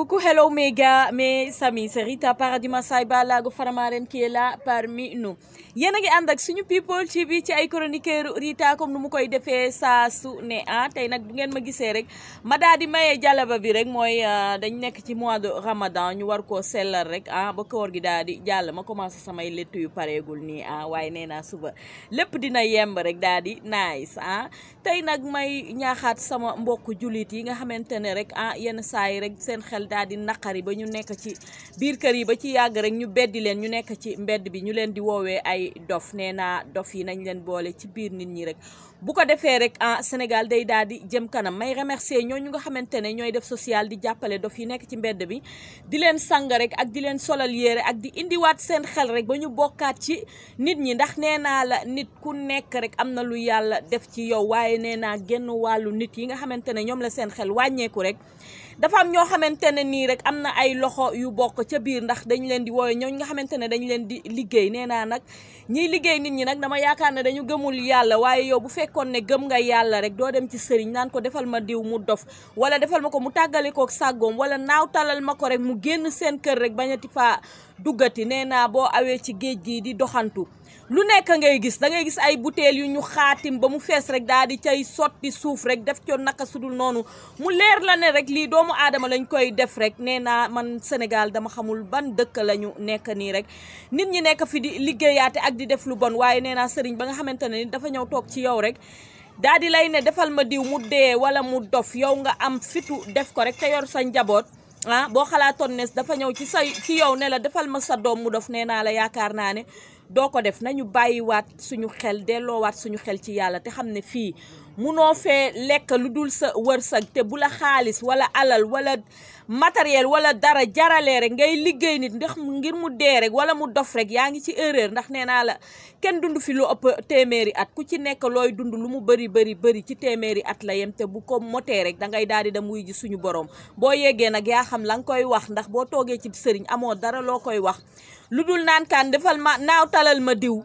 Coucou, hello méga, mais amis, c'est Rita Paradis Masai Balago Faramaren qui est là parmi nous. yéen a ngi ànd ak suñu people ci bi ci ay chroniqueur Rita comme nu mu koy defee saa su ne ah tey nag bu ngeen ma gisee rek ma daal di maye jàllaba bi rek mooy ah, dañ nekk ci mois de ramadan ñu war koo sellal rek ah ba koor gi daal di jàll ma commencé samay létt yu pareegul nii ah waaye nee naa suba lépp dina yemb rek daal di nice ah tey nag may ñaaxaat sama mbokk jullit yi nga xamante ne rek ah yenn saa yi rek seen xel daal di naqari ba ñu nekk ci biir kër yi ba ci yàgg rek ñu beddi leen ñu nekk ci mbedd bi ñu leen di woowee ay dof nee naa dof yi nañ leen boole ci biir nit ñi rek bu ko defee rek ah Sénégal day daal di jëm kanam may remercier ñooñu nga xamante ne ñooy def social di jàppale dof yi nekk ci mbedd bi di leen sang ak di leen solal yére ak di indiwaat seen xel rek ba ñu bokkaat ci nit ñi ndax nee naa la nit ku nekk rek am na lu yàlla def ci yow waaye nee naa genn wàllu nit yi nga xamante ne ñoom la seen xel wàññeeku rek dafa am ñoo xamante nii rek am na ay loxo yu bokk ca biir ndax dañu leen di wooye ñooñ nga xamante ne dañ leen di liggéey nee naa nag ñiy liggéey nit ñi nag dama yaakaar ne dañu gëmul yàlla waaye yow bu fekkoon ne gëm nga yàlla rek doo dem ci sëriñ naan ko defal ma diw mu dof wala defal ma ko mu tàggale kook sàggoom wala naaw talal ma ko rek mu génn seen kër rek bañati fa duggati nee naa boo awee ci géej gi di doxantu lu nekk ngay gis da ngay gis ay butéel yu ñu xaatim ba mu fees rek daal di cay sotti suuf rek def coo naka sudul noonu mu leer la ne rek lii doomu aadama lañ koy def rek nee naa man Sénégal dama xamul ban dëkk lañu nekk nii rek nit ñi nekk fi di liggéeyaate ak di def lu bon waaye nee naa sëriñ ba nga xamante ne dafa ñëw toog ci yow rek daa di lay ne defal ma diw mu dee wala mu dof yow nga am fitu def ko rek te yor sa njaboot ah boo xalaatoon ne dafa ñëw ci sa ci yow ne la defal ma sa doom mu nee naa la yaakaar naa ne doo ko def nañu bàyyiwaat suñu xel delloowaat suñu xel ci yàlla te xam ne fii munoo fee lekk lu dul sa wër wërsëg te bu la xaalis wala alal wala matériel wala dara jaralee rek ngay liggéey nit ndax ngir mu dee rek wala mu dof rek yaa ngi ci erreur ndax nee naa la kenn dund fi lu ëpp téeméeri at ku ci nekk looy dund lu mu bëri bëri bëri ci téeméeri at la yem te bu ko motee rek da ngay daal di dem wuy ji suñu borom boo yeggee nag yaa xam la nga koy wax ndax boo toogee ci sëriñ amoo dara loo koy wax lu dul naan kaan defal naaw talal ma diw